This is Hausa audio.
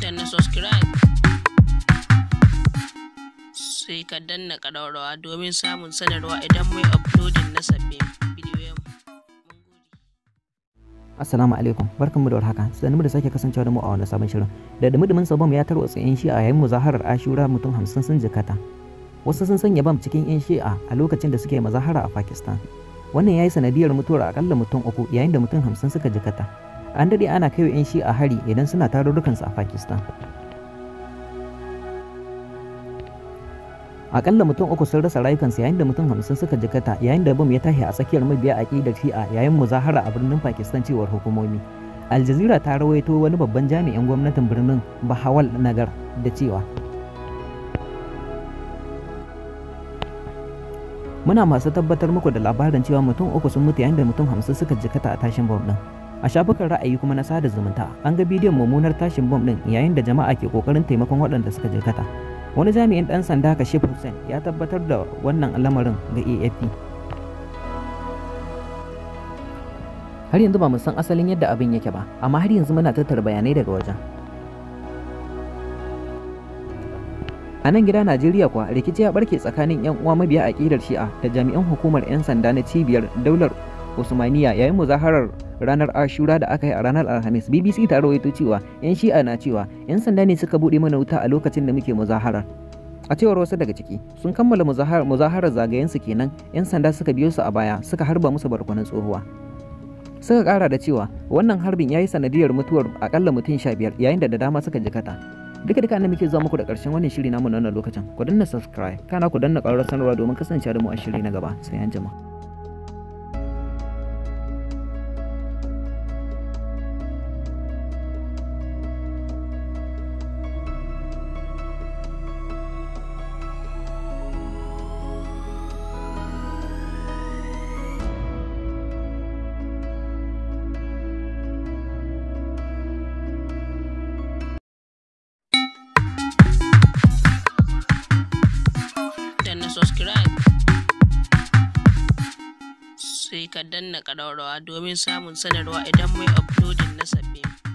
danna subscribe sai ka danna ƙararrawa domin samun sanarwa idan mai uploading na sabbin Assalamu alaikum barkanmu da warhaka sanmu da sake kasancewa da mu a wannan sabon shirin da dumudumin sabon ya tarwatsa yan shi a yayin muzaharar Ashura mutum 50 sun jikata wasu sun sanya bam cikin 'yan shi'a a lokacin da suke muzahara a pakistan wannan ya yi sanadiyar mutuwar akalla mutum uku yayin da mutum hamsin suka jikata an daɗe ana kai wa shi a hari idan suna tarurrukansu a pakistan akalla mutum uku sun rasa rayukansu yayin da mutum hamsin suka jikata yayin da bamu ya tashi a tsakiyar mabiya a da shi'a yayin muzahara a birnin pakistan cewar hukumomi al jazeera ta rawaito wani babban jami'in gwamnatin birnin bahawal nagar da cewa muna masu tabbatar muku da labarin cewa mutum uku sun mutu yayin da mutum hamsin suka jikata a tashin bom din a shafukan ra'ayi kuma na sada zumunta an ga bidiyon mummunar tashin bom din yayin da jama'a ke kokarin taimakon waɗanda suka jikata wani jami'in ɗan sanda kashif hussein ya tabbatar da wannan lamarin ga afp har yanzu ba mu san asalin yadda abin yake ba amma har yanzu muna tattara bayanai daga wajen a nan gida najeriya kuwa rikici ya barke tsakanin yan uwa mabiya aƙidar shi'a da jami'an hukumar 'yan sanda na cibiyar daular usmaniya yayin muzaharar ranar ashura da aka yi a ranar alhamis bbc ta rawaito cewa 'yan shi'a na cewa 'yan sanda ne suka buɗe mana wuta a lokacin da muke muzaharar a cewar wasu daga ciki sun kammala muzaharar zagayensu kenan 'yan sanda suka biyo su a baya suka harba musu barkwanin tsohuwa suka kara da cewa wannan harbin ya yi sanadiyar mutuwar akalla mutum sha biyar yayin da da dama suka jikata duka duka nan muke zuwa muku da karshen wannan shiri namu na wannan lokacin ku danna subscribe kana ku danna ƙararrawar sanarwa domin kasancewa da mu a shiri na gaba sai an jima sai ka danna ƙararrawa domin samun sanarwa idan mai uploading na sabbin